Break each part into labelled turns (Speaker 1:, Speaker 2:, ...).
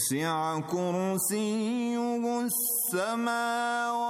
Speaker 1: وسع كرسيه السماوات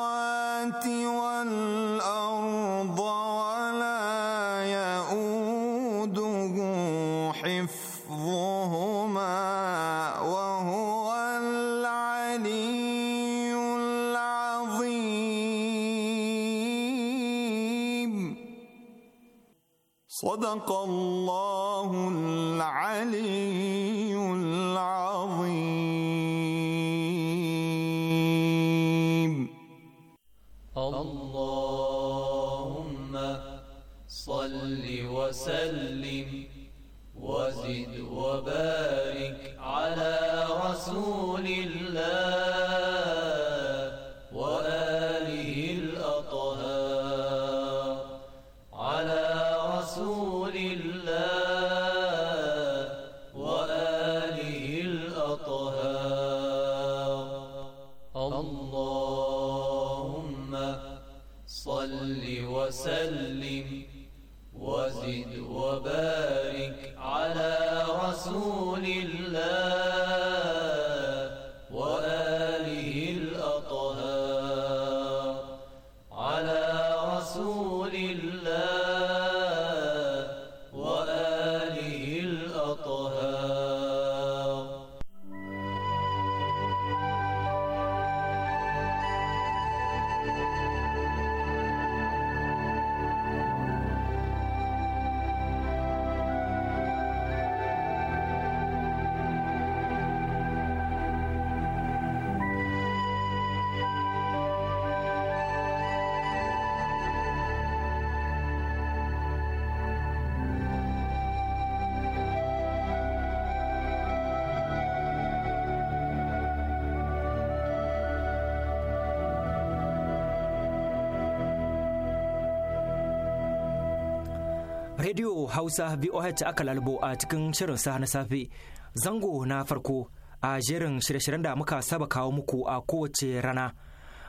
Speaker 2: Radio Hausa VOH aka lalbo a cikin shirin sa na safe. Zango na farko a jerin shirye-shiryen da muka saba kawo muku a kowace rana.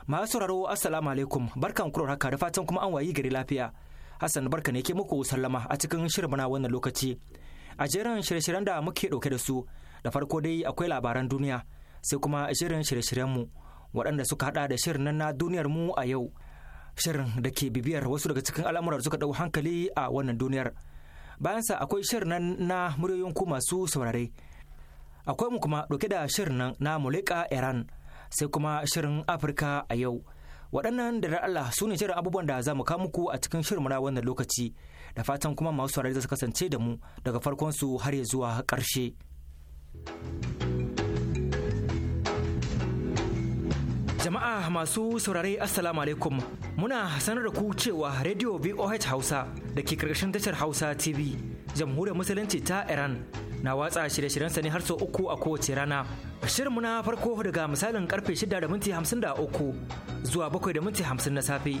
Speaker 2: Masu sauraro Assalamu alaikum barkan kuro haka da fatan kuma an wayi gari lafiya. Hassan barka ne ke muku sallama a cikin shirin na wannan lokaci. A jerin shirye-shiryen da muke dauke da su da farko dai akwai labaran duniya sai kuma shirin shirye shiryen mu waɗanda suka hada da shirin na duniyar mu a yau shirin da ke bibiyar wasu daga cikin al'amuran suka dau hankali a wannan duniyar bayan sa akwai shirin nan na muryoyin ku masu saurare akwai mu kuma ɗauke da shirin nan na mulika iran sai kuma shirin afirka a yau waɗannan da Allah su ne shirin abubuwan da za mu kawo muku a cikin shirin na wannan lokaci da fatan kuma masu saurare za su kasance da mu daga farkon su har ya zuwa ƙarshe. Jama'a masu saurare Assalamu alaikum muna sanar da ku cewa Radio VOH Hausa da ke karkashin tashar Hausa TV jamhuriyar musulunci ta Iran na watsa shirye shiryen ne har sau uku a kowace rana. shirin muna farko daga misalin karfe 6 da minti 53 zuwa 7 da minti 50 na safe.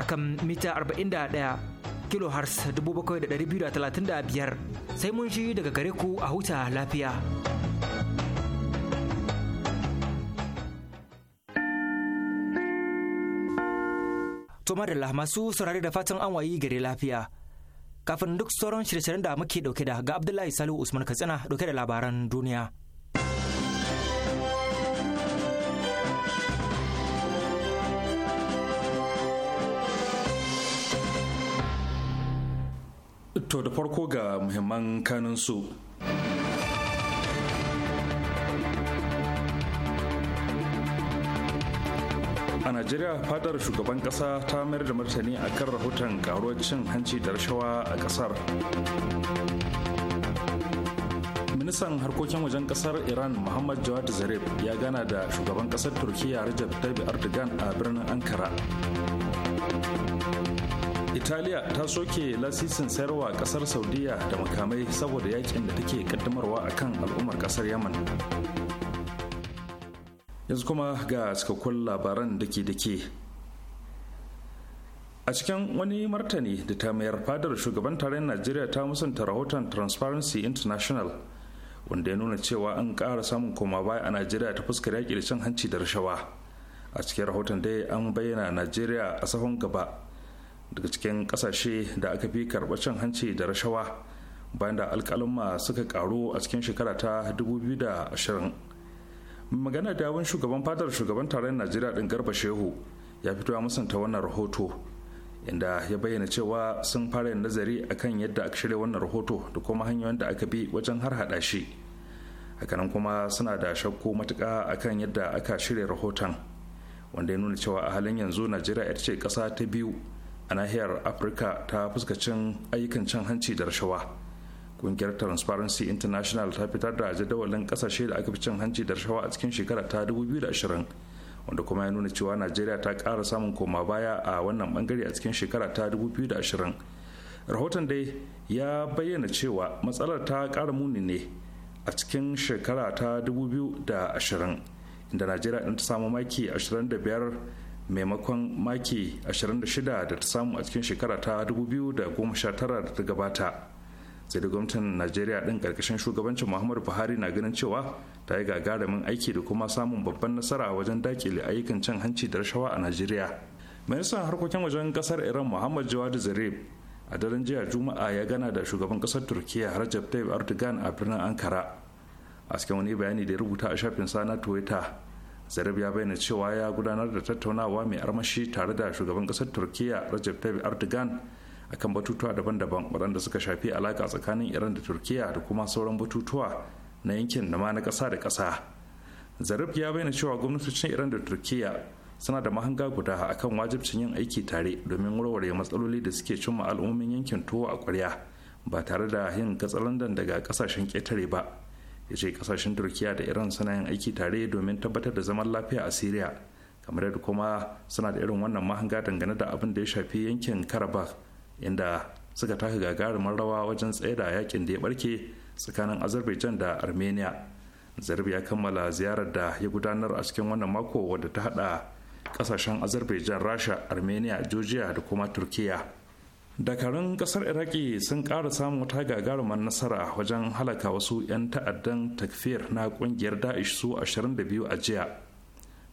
Speaker 2: akan mita 41 kilohertz 7,235 sai mun shi daga gare ku a huta lafiya. To madalla masu saurari da fatan an wayi gare lafiya. Kafin duk sauran shirye-shiryen da muke dauke da ga Abdullahi Salihu Usman Katsina dauke da labaran duniya.
Speaker 3: To da farko ga muhimman kanin su. A Najeriya fadar shugaban kasa ta mayar da martani a kan rahoton karuwar cin hanci da rashawa a kasar. Ministan harkokin wajen kasar Iran Muhammad Jawad Zarif ya gana da shugaban kasar Turkiyya Rajab Tayyip Erdogan a birnin Ankara. italiya ta soke lasisin sayarwa kasar saudiya da makamai saboda yakin da take kaddamarwa akan al'ummar kasar yaman yanzu kuma ga cikakkun labaran da ke a cikin wani martani da ta mayar fadar shugaban tarayyar najeriya ta musanta rahoton transparency international wanda ya nuna cewa an kara samun koma baya a najeriya ta fuskar yaƙi da cin hanci da rashawa a cikin rahoton dai an bayyana najeriya a sahun gaba daga cikin kasashe da aka fi karɓar cin hanci da rashawa bayan da alƙalumma suka karu a cikin shekara ta 2020 magana da yawon shugaban fadar shugaban tarayyar najeriya ɗin garba shehu ya fito ya musanta wannan rahoto inda ya bayyana cewa sun fara yin nazari akan yadda aka shirya wannan rahoto da kuma hanyoyin da aka bi wajen har hada shi hakanan kuma suna da shakku matuƙa akan yadda aka shirya rahoton wanda ya nuna cewa a halin yanzu najeriya ita ce ƙasa ta biyu a nahiyar afirka ta fuskacin ayyukan cin hanci da rashawa kungiyar transparency international ta fitar da jadawalin kasashe da aka fi cin hanci da rashawa a cikin shekara ta 2020 wanda kuma ya nuna cewa najeriya ta kara samun koma baya a wannan bangare a cikin shekara ta 2020 rahoton dai ya bayyana cewa matsalar ta kara muni ne a cikin shekara ta 2020 inda najeriya dan ta samu maki 25 maimakon maki 26 da ta samu a cikin shekara ta 2019 da ta gabata sai da gwamnatin najeriya din karkashin shugabancin muhammadu buhari na ganin cewa ta yi gagarumin aiki da kuma samun babban nasara wajen dakile ayyukan cin hanci da rashawa a najeriya ministan harkokin wajen kasar iran muhammad jawad zarif a daren jiya juma'a ya gana da shugaban kasar turkiya rajab tayyip erdogan a birnin ankara a cikin wani bayani da ya rubuta a shafin sa na twitter zarab ya bayyana cewa ya gudanar da tattaunawa mai armashi tare da shugaban kasar turkiya rajab tayyip erdogan akan batutuwa daban-daban waɗanda suka shafi alaƙa tsakanin iran da turkiya da kuma sauran batutuwa na yankin da ma na ƙasa da ƙasa zarif ya bayyana cewa gwamnatocin iran da turkiya suna da mahanga guda akan wajibcin yin aiki tare domin warware matsaloli da suke cimma al'ummomin yankin tuwo a ƙwarya ba tare da yin katsalandan daga ƙasashen ƙetare ba ya ce kasashen turkiya da iran suna yin aiki tare domin tabbatar da zaman lafiya a syria kamar yadda kuma suna da irin wannan mahanga dangane da abin da ya shafi yankin karabakh inda suka taka gagarumin rawa wajen tsaye da yakin da ya barke tsakanin azerbaijan da armenia zarbi ya kammala ziyarar da ya gudanar a cikin wannan mako wadda ta hada kasashen azerbaijan rasha armenia georgia da kuma turkiya dakarun kasar iraki sun ƙara samun wata gagarumar nasara wajen halaka wasu 'yan ta'addan takfir na kungiyar da'ish su 22 a jiya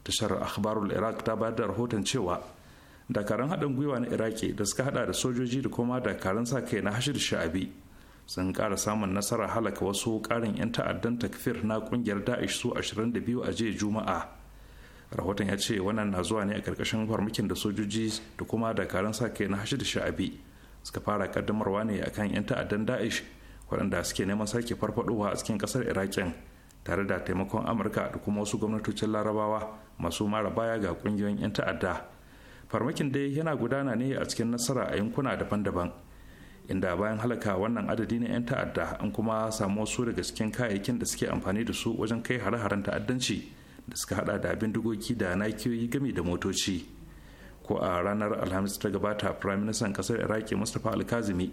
Speaker 3: tashar akhbarul iraq ta bayar da rahoton cewa dakarun haɗin gwiwa na iraki da suka hada da sojoji da kuma dakarun sa kai na hashir sha'abi sun ƙara samun nasara halaka wasu ƙarin 'yan ta'addan takfir na kungiyar da'ish su 22 a jiya juma'a rahoton ya ce wannan na zuwa ne a ƙarƙashin farmakin da sojoji da kuma dakarun sa kai na hashir sha'abi suka fara kaddamarwa ne akan 'yan ta'addan da'ish waɗanda suke neman sake farfadowa a cikin ƙasar iraƙin tare da taimakon amurka da kuma wasu gwamnatocin larabawa masu mara baya ga ƙungiyoyin 'yan ta'adda farmakin dai yana gudana ne a cikin nasara a yankuna daban-daban inda bayan halaka wannan adadi na 'yan ta'adda an kuma samu wasu daga cikin kayayyakin da suke amfani da su wajen kai hare-haren ta'addanci da suka hada da bindigogi da nakiyoyi gami da motoci ko a ranar alhamis ta gabata prime minister kasar iraki mustapha alkazimi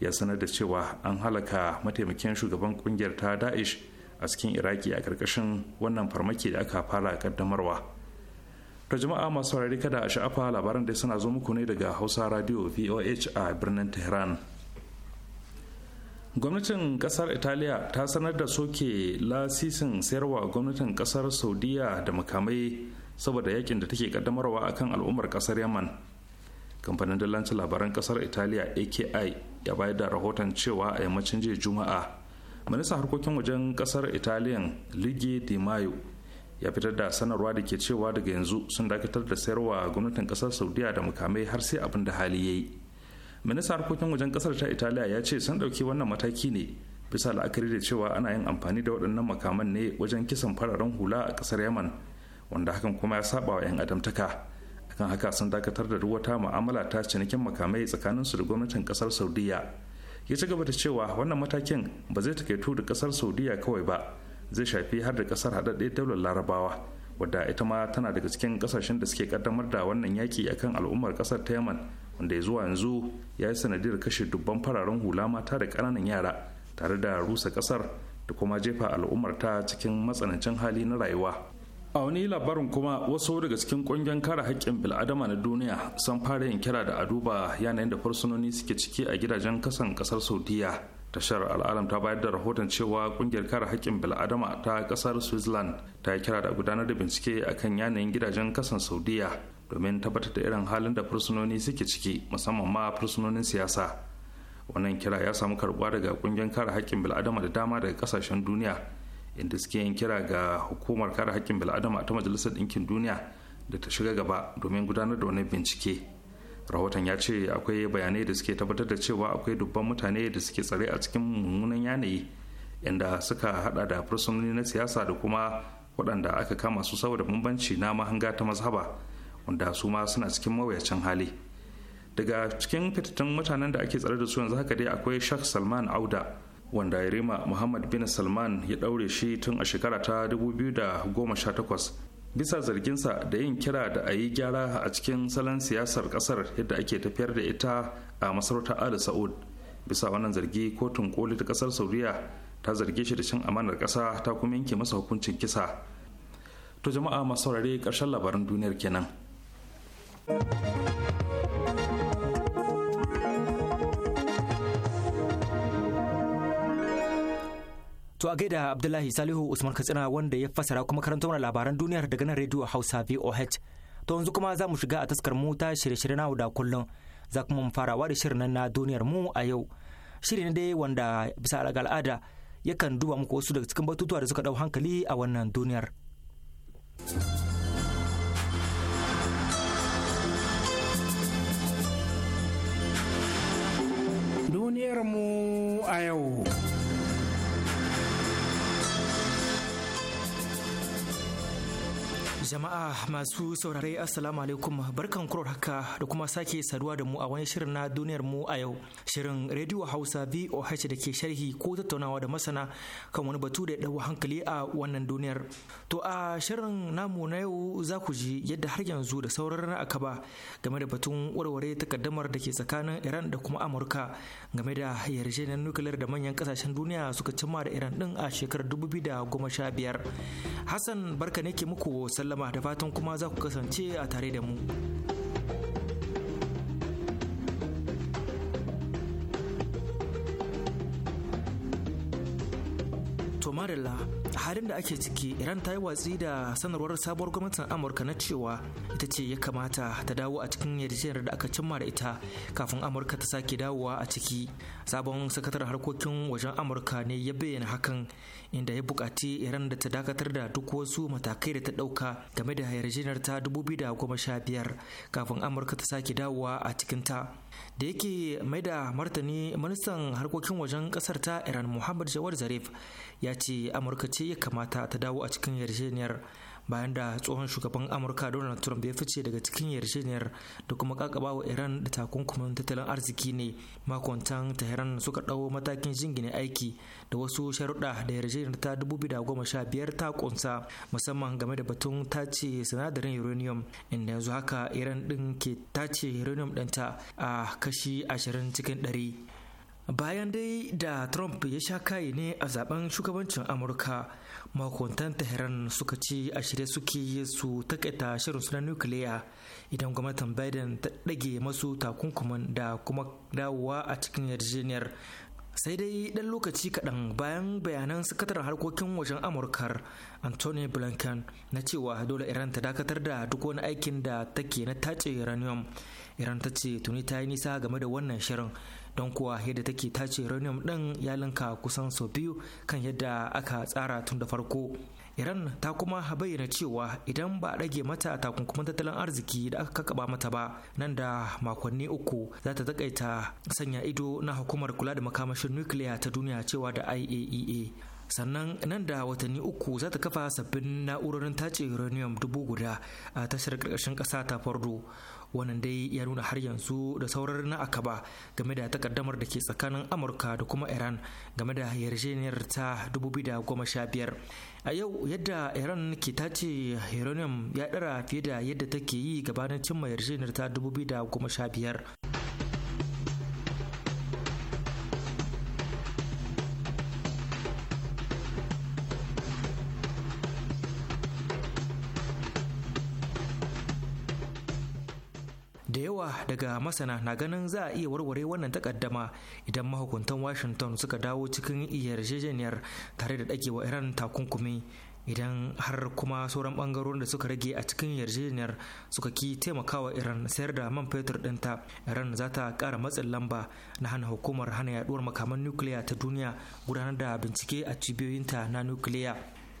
Speaker 3: ya sanar da cewa an halaka mataimakin shugaban kungiyar ta daesh a cikin iraki a karkashin wannan farmaki da aka fara kaddamarwa ta jama'a masu saurari kada a sha'afa labaran da suna zo muku ne daga hausa radio voh a birnin tehran gwamnatin kasar italiya ta sanar da soke lasisin sayarwa gwamnatin kasar saudiya da makamai saboda yakin da take kaddamarwa kan al'ummar kasar yaman kamfanin dillancin labaran kasar italiya aki ya bayar da rahoton cewa a yammacin jiya juma'a ministan harkokin wajen kasar italiyan ligi di mayo ya fitar da sanarwa da ke cewa daga yanzu sun dakatar da sayarwa gwamnatin kasar saudiya da mukamai har sai abin da hali ya yi ministan harkokin wajen kasar ta italiya ya ce sun ɗauki wannan mataki ne bisa la'akari da cewa ana yin amfani da waɗannan makaman ne wajen kisan fararen hula a kasar yaman wanda hakan kuma ya saba wa 'yan adamtaka akan haka sun dakatar da ruwata mu'amala ta cinikin makamai tsakanin su da gwamnatin kasar saudiya ya ci gaba da cewa wannan matakin ba zai takaitu da kasar saudiya kawai ba zai shafi har da kasar haɗaɗɗe daular larabawa wadda ita ma tana daga cikin kasashen da suke kaddamar da wannan yaki akan al'ummar kasar ta yaman wanda ya zuwa yanzu ya yi sanadiyar kashe dubban fararen hula mata da ƙananan yara tare da rusa kasar da kuma jefa al'ummar ta cikin matsanancin hali na rayuwa a wani labarin kuma wasu daga cikin kungiyar kare haƙƙin bil'adama na duniya sun fara yin kira da a duba yanayin da fursunoni suke ciki a gidajen kasan kasar saudiya tashar al'adam ta bayar da rahoton cewa kungiyar kare haƙƙin bil'adama ta kasar switzerland ta yi kira da gudanar da bincike akan yanayin gidajen kasan saudiya domin tabbatar da irin halin da fursunoni suke ciki musamman ma fursunonin siyasa wannan kira ya samu karbuwa daga kungiyar kare haƙƙin bil'adama da dama daga kasashen duniya inda suke yin kira ga hukumar kare haƙƙin bil'adama ta majalisar ɗinkin duniya da ta shiga gaba domin gudanar da wani bincike rahoton ya ce akwai bayanai da suke tabbatar da cewa akwai dubban mutane da suke tsare a cikin mummunan yanayi inda suka hada da fursunoni na siyasa da kuma waɗanda aka kama su saboda bambanci na mahanga ta mazhaba wanda su ma suna cikin mawuyacin hali daga cikin fitattun mutanen da ake tsare da su yanzu haka dai akwai shak salman auda wanda yarima muhammad bin salman ya daure shi tun a shekara ta 2018 bisa zarginsa da yin kira da a yi gyara a cikin salon siyasar kasar yadda ake tafiyar da ita a masarautar al sa'ud bisa wannan zargi kotun koli ta kasar sauriya ta zarge shi da cin amanar kasa ta kuma yanke masa hukuncin kisa to jama'a masu saurare karshen labaran duniyar kenan
Speaker 2: To a gaida Abdullahi Salihu Usman Katsina wanda ya fasara kuma karanta wani labaran duniyar daga nan rediyo Hausa VOH. To yanzu kuma za mu shiga a taskar mu ta shirye-shirye na da kullum. Za kuma mu farawa da shirin nan na duniyar mu a yau. Shiri ne dai wanda bisa al'ada yakan duba muku wasu daga cikin batutuwa da suka dau hankali a wannan duniyar.
Speaker 4: Duniyar mu a yau.
Speaker 2: Jama'a masu saurare Assalamu alaikum barkan kurar haka da kuma sake saduwa da mu a wani shirin na duniyar mu a yau. Shirin Radio Hausa VOH da ke sharhi ko tattaunawa da masana kan wani batu da ya dawo hankali a wannan duniyar. To a shirin namu na yau za ku ji yadda har yanzu da sauran na akaba game da batun warware takaddamar da ke tsakanin Iran da kuma Amurka game da yarjejeniyar nukiliyar da manyan kasashen duniya suka cimma da Iran din a shekarar da sha biyar Hassan barka ne ke muku sallama sallama da fatan kuma za ku kasance a tare da mu. To halin da ake ciki iran ta yi watsi da sanarwar sabuwar gwamnatin amurka na cewa ita ce ya kamata ta dawo a cikin yarjejeniyar da aka cimma da ita kafin amurka ta sake dawowa a ciki sabon sakataren harkokin wajen amurka ne ya bayyana hakan inda ya bukaci iran da ta dakatar da duk wasu matakai da ta dauka game da yarjejeniyar ta biyar kafin amurka ta sake dawowa a cikin ta da yake mai da martani ministan harkokin wajen kasar ta iran muhammad jawar zarif ya ce amurka ce ya kamata ta dawo a cikin yarjejeniyar bayan da tsohon shugaban amurka donald trump ya fice daga cikin yarjejeniyar da kuma kakaba wa iran da takunkumin tattalin arziki ne makontan tehran suka dawo matakin jingine aiki da wasu sharuɗa da yarjejeniyar ta da biyar ta kunsa musamman game da batun tace sinadarin uranium inda yanzu haka iran ɗin ke tace uranium ɗinta a kashi ashirin cikin ɗari. bayan dai da trump ya sha kai ne a zaben shugabancin amurka mahukuntan tehran suka ce a shirya suke su takaita shirin suna nukiliya idan gwamnatin biden ta ɗage masu takunkumin da kuma dawowa a cikin yarjejeniyar sai dai ɗan lokaci kaɗan bayan bayanan sakataren harkokin wajen amurkar anthony blinken na cewa dole iran ta dakatar da duk wani aikin da take na tace uranium iran ta ce tuni ta yi nisa game da wannan shirin don kuwa yadda take tace uranium ɗin ya linka kusan sau biyu kan yadda aka tsara tun da farko iran ta kuma bayyana cewa idan ba a rage mata takunkumin tattalin arziki da aka kaba mata ba nan da makonni uku za ta takaita sanya ido na hukumar kula da makamashin nukiliya ta duniya cewa da iaea e sannan nan da watanni uku za ta kafa sabbin na'urorin tace uranium dubu guda a tashar karkashin kasa ta fardo wannan dai ya nuna har yanzu da saurar na akaba game da takaddamar da ke tsakanin amurka da kuma iran game da yarjejeniyar ta 2015 a yau yadda iran ke tace uranium ya dara fiye da yadda take yi gabanin cimma yarjejeniyar ta 2015 daga masana na ganin za a iya warware wannan takaddama idan mahukuntan washington suka dawo cikin yarjejeniyar tare da dakewa iran takunkumi idan har kuma sauran bangarorin da suka rage a cikin yarjejeniyar suka ki taimakawa iran sayar da man fetur dinta iran za ta kara matsin lamba na hana hukumar hana yaduwar makaman nukiliya ta duniya gudanar da bincike a cibiyoyinta na nukiliya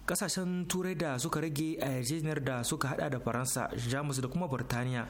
Speaker 2: kasashen turai da suka rage a yarjejeniyar da suka hada da faransa jamus da kuma burtaniya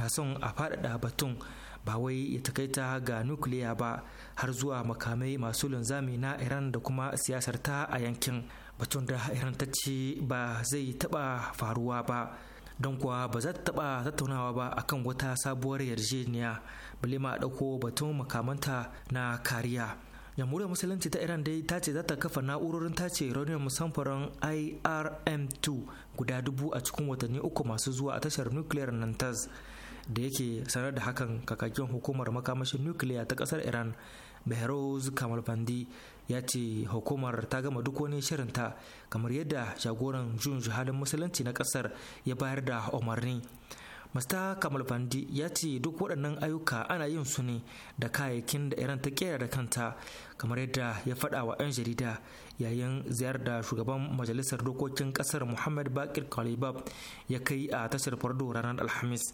Speaker 2: na son a faɗaɗa batun ba wai ya takaita ga nukiliya ba har zuwa makamai masu linzami na iran da kuma siyasar ta a yankin batun da iran ta ce ba zai taɓa faruwa ba don kuwa ba za ta taɓa tattaunawa ba akan wata sabuwar yarjejeniya bale ma ɗauko batun makamanta na kariya yammuriyar musulunci ta iran dai ta ce za ta kafa na'urorin ta ce uranium samfuran irm2 guda dubu a cikin watanni uku masu zuwa a tashar nukiliyar nantas da yake sanar da hakan kakakin hukumar makamashin nukiliya ta kasar iran behrouz kamalfandi ya ce hukumar ta gama duk wani shirinta kamar yadda jagoran jun halin musulunci na kasar ya bayar da umarni masta kamalbandi ya ce duk waɗannan ayyuka ana yin su ne da kayayyakin da iran ta kera da kanta kamar yadda ya faɗa wa 'yan jarida yayin ziyar da shugaban majalisar dokokin kasar muhammad bakir kalibab ya kai a tashar fardo ranar alhamis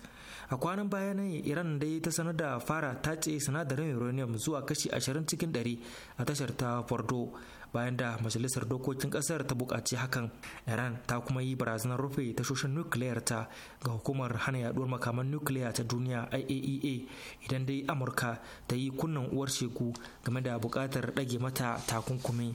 Speaker 2: a kwanan baya ne iran dai ta sanar da fara tace sinadarin uranium zuwa kashi ashirin cikin 100 a tashar ta fardo bayan da majalisar dokokin kasar ta bukaci hakan iran ta kuma yi barazanar rufe tashoshin nukiliyar ta ga hukumar hana yaduwar makaman nukiliya ta duniya iaea e idan dai amurka ta yi kunnen uwar shegu game da bukatar ɗage mata takunkumi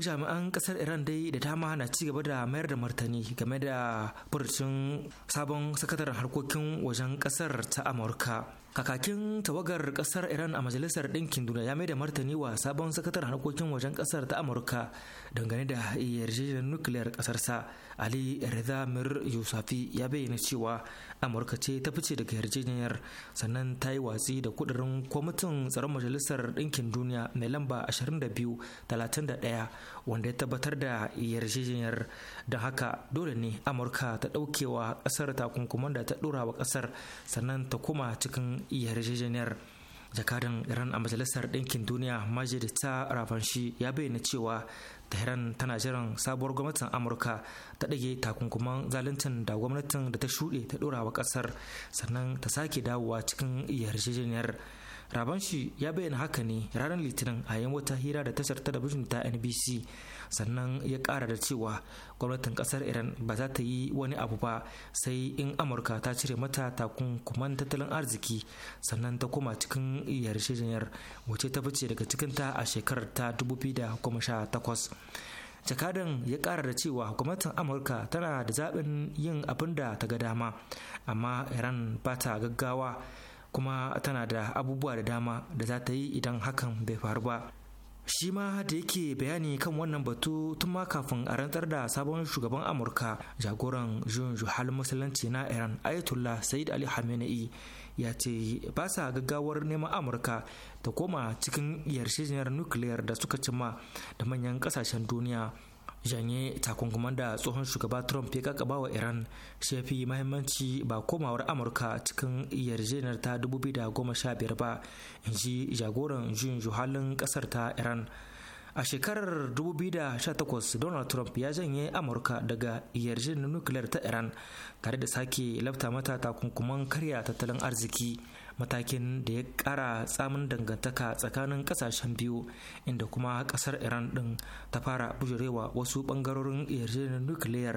Speaker 2: jami'an kasar iran dai da dama na ci gaba da mayar da martani game da furucin sabon sakataren harkokin wajen kasar ta amurka kakakin tawagar kasar iran a majalisar ɗinkin duniya ya mai da martani wa sabon sakataren harkokin wajen kasar ta amurka dangane da yarjejeniyar nukiliyar kasarsa ali reza mir yusafi ya bayyana cewa amurka ce ta fice daga yarjejeniyar sannan ta yi watsi da kudirin kwamitin tsaron majalisar ɗinkin duniya mai lamba 2231 wanda ya tabbatar da yarjejeniyar da haka dole ne amurka ta ɗaukewa ƙasar takunkuman da ta ɗora wa ƙasar sannan ta koma cikin yarjejeniyar jakadan iran a majalisar ɗinkin duniya majid ta rafanshi ya bayyana cewa tehran tana jiran sabuwar gwamnatin amurka ta ɗage takunkuman zaluncin da gwamnatin da ta shuɗe ta ɗora wa ƙasar sannan ta sake dawowa cikin yarjejeniyar raban shi ya bayyana haka ne ranar litinin a 'yan wata hira da tashar talabijin ta nbc sannan ya kara da cewa gwamnatin kasar iran ba za ta yi wani abu ba sai in amurka ta cire mata takunkuman tattalin arziki sannan ta koma cikin yarjejeniyar wace ta fice daga cikin ta a shekarar ta 2018 jakadan ya kara da cewa gwamnatin amurka tana da zaɓin yin abin da ta ga dama amma iran ba ta gaggawa kuma tana da abubuwa da dama da za ta yi idan hakan bai faru ba shi ma da yake bayani kan wannan batu tun ma kafin a rantsar da sabon shugaban amurka jagoran jun juhal musulunci na iran ayatollah said ali hamenei ya ce ba sa gaggawar neman amurka ta koma cikin yarjejeniyar nukiliyar da suka cimma da manyan kasashen duniya janye takunkuman da tsohon shugaba trump ya kakaba wa iran shi mahimmanci ba komawar amurka cikin yarjejeniyar ta 2015 ba in ji jagoran juyin juhalin kasar ta iran a shekarar 2018 donald trump ya janye amurka daga yarjejeniyar nukiliyar ta iran tare da sake lafta mata takunkuman karya tattalin arziki matakin da ya kara tsamin dangantaka tsakanin kasashen biyu inda kuma kasar iran din ta fara bujurewa wasu bangarorin yarjejeniyar nukiliyar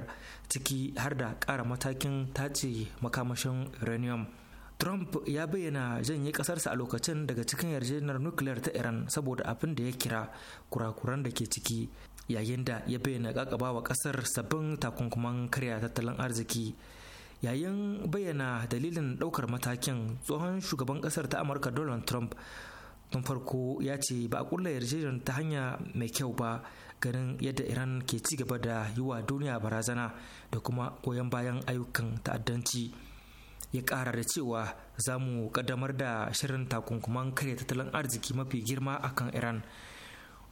Speaker 2: ciki har da kara matakin tace makamashin uranium Trump ya bayyana janye kasarsa a lokacin daga cikin yarjejeniyar nukiliyar ta Iran saboda abin da ya kira kurakuran da ke ciki yayin da ya bayyana kakaba wa kasar sabbin takunkuman karya tattalin arziki yayin bayyana dalilin ɗaukar matakin tsohon shugaban ƙasar ta amurka donald trump tun farko ya ce ba a kulla yarjejen ta hanya mai kyau ba ganin yadda iran ke ci gaba da yi wa duniya barazana da kuma goyon bayan ayyukan ta'addanci ya kara da cewa za mu ƙaddamar da shirin takunkuman karya tattalin arziki mafi girma akan iran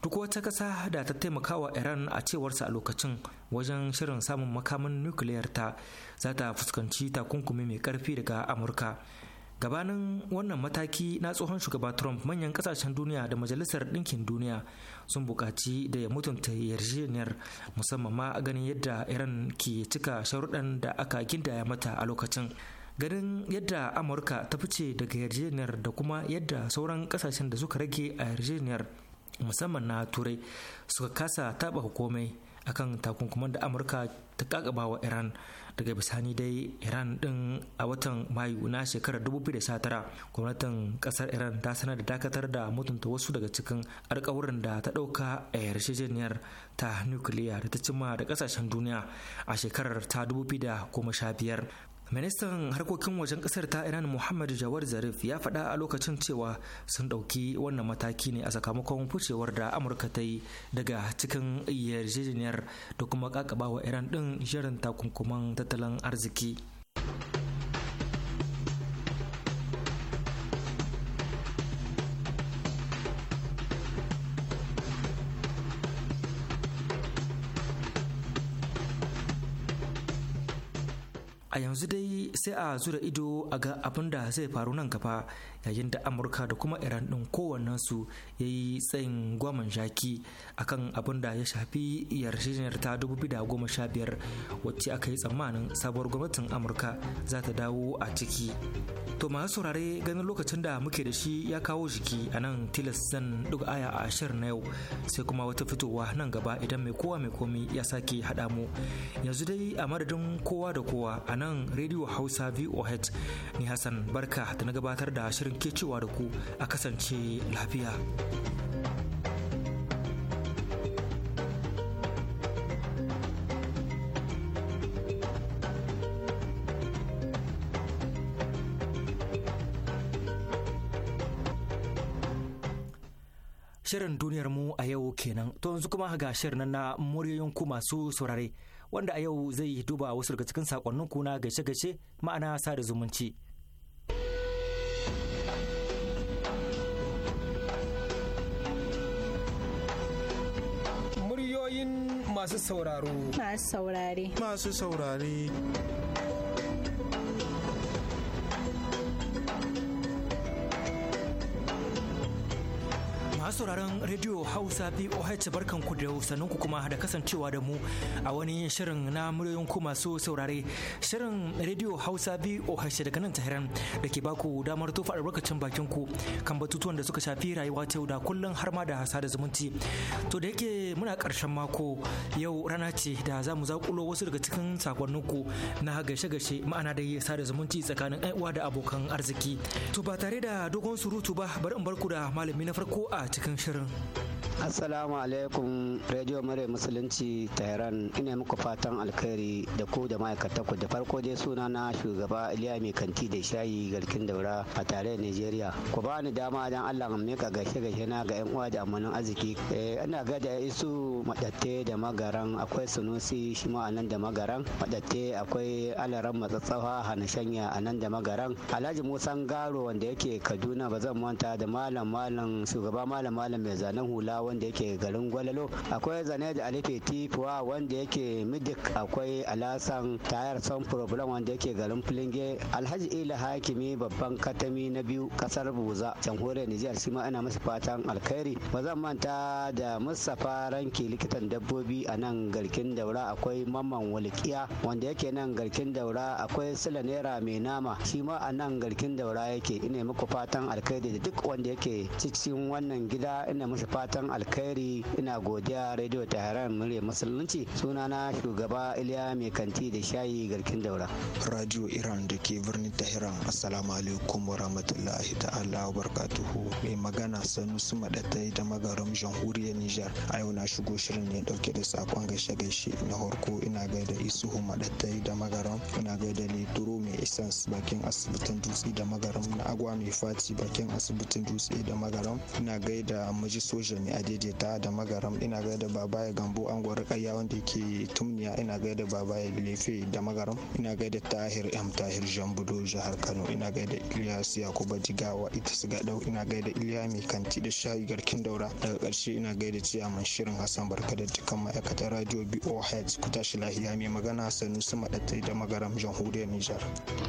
Speaker 2: duk wata ƙasa da ta taimaka wa iran a cewarsa a lokacin wajen shirin samun makamin nukiliyar ta za ta fuskanci takunkumi mai ƙarfi daga amurka gabanin wannan mataki na tsohon shugaba trump manyan kasashen duniya da majalisar ɗinkin duniya sun buƙaci da ya mutunta yarjejeniyar musamman ma ganin yadda iran ke cika sharuɗan da aka gindaya mata a lokacin ganin yadda amurka ta fice daga yarjejeniyar da kuma yadda sauran kasashen da suka rage a yarjejeniyar musamman na turai suka kasa taba hukumai akan takunkuman da amurka ta kakaba wa iran daga bisani dai iran din a watan mayu na shekarar 2019 gwamnatin kasar iran ta sanar da dakatar da mutunta wasu daga cikin alkawarin da ta dauka a yarjejeniyar ta nukiliya da ta cimma da kasashen duniya a shekarar ta 2015 ministan harkokin wajen kasar ta iran muhammad jawar zarif ya faɗa a lokacin cewa sun ɗauki wannan mataki ne a sakamakon ficewar da amurka ta yi daga cikin yarjejeniyar da kuma wa iran ɗin shirin takunkuman tattalin arziki a yanzu dai sai a zura ido a ga abin da zai faru nan gaba yayin da amurka da kuma iran din kowannensu ya yi tsayin gwaman jaki akan abin da ya shafi yarjejeniyar ta 2015 wacce aka yi tsammanin sabuwar gwamnatin amurka za ta dawo a ciki to masu saurare ganin lokacin da muke da shi ya kawo jiki a nan tilas zan duk aya a ashirin na yau sai kuma wata fitowa nan gaba idan mai kowa mai komi ya sake haɗa mu yanzu dai a madadin kowa da kowa a nan Radio Hausa VOH ni Hassan Barka da na gabatar da shirin cewa da ku a kasance lafiya. Shirin duniyar mu a yau kenan, to yanzu kuma ga shirin na muryoyin ku masu saurare. wanda a yau zai duba wasu daga cikin sakonnin kuna gaishe-gaishe ma'ana sada zumunci.
Speaker 5: Muryoyin masu sauraro.
Speaker 1: Masu saurare.
Speaker 5: Masu saurare.
Speaker 2: sauraron rediyo hausa barkan ku da ku kuma da kasancewa da mu a wani shirin na muryoyin ku masu saurare shirin rediyo hausa voh daga nan tahiran da ke baku damar tofa albarkacin bakin ku kan batutuwan da suka shafi rayuwa ta yau da kullum har ma da sada zumunci to da yake muna karshen mako yau rana ce da za mu zakulo wasu daga cikin ku na gashe-gashe ma'ana da yi sada zumunci tsakanin uwa da abokan arziki to ba tare da dogon surutu ba bari in bar ku da malami na farko a cikin cikin shirin
Speaker 6: Assalamu alaikum Radio Mare Musulunci Tehran ina muku fatan alkhairi da ku da ma'aikatan ku da farko dai suna na shugaba Iliya Mai Kanti da Shayi Garkin Daura a tarayyar Najeriya. Ku ba ni dama dan Allah mu mika gashe gashe na ga yan uwa da amanin arziki. Eh, ina ga da isu madatte da magaran akwai Sunusi shi ma anan da magaran madatte akwai Alaran Matsatsawa shanya anan da magaran Alhaji Musa Garo wanda yake Kaduna ba zan manta da malam malam shugaba malam malam mai zanen hula wanda yake garin gwalalo akwai zane da alife tifuwa wanda yake midik akwai alasan tayar son problem wanda yake garin filinge alhaji ila hakimi babban katami na biyu kasar buza jamhuriyar nijar shi ana masa fatan alkhairi ba zan manta da mustapha ranki likitan dabbobi a nan garkin daura akwai mamman walƙiya wanda yake nan garkin daura akwai sila naira mai nama shi ma a nan garkin daura yake ina muku fatan alkhairi da duk wanda yake cikin wannan gida ina masa fatan alkhairi ina godiya radio taharan murya musulunci sunana shugaba iliya mai kanti da shayi
Speaker 5: garkin daura radio iran da ke birnin tahiran assalamu alaikum wa rahmatullahi ta'ala wa barakatuhu mai magana su madatai da magaram jamhuriyar nijar a yau na shigo shirin ne dauke da sakon gaishe gaishe na harko ina gaida isuhu madatai da magaram ina gaida leturo mai isans bakin asibitin dutse da magaram na agwa mai faci bakin asibitin dutse da magaram ina gaida maji soja a daidaita da magaram ina gaida baba ya gambo an gwari kayya wanda yake tumniya ina gaida baba ya lefe da magaram ina gaida tahir m tahir jambudo jihar kano ina gaida ilyas yakuba jigawa ita su gadau ina gaida ilya mai kanti da shayi garkin daura daga karshe ina gaida ciyaman shirin hassan barka da dukkan ma'aikatan radio boh ku tashi lahiya mai magana sanusi maɗatai da magaram jamhuriyar nijar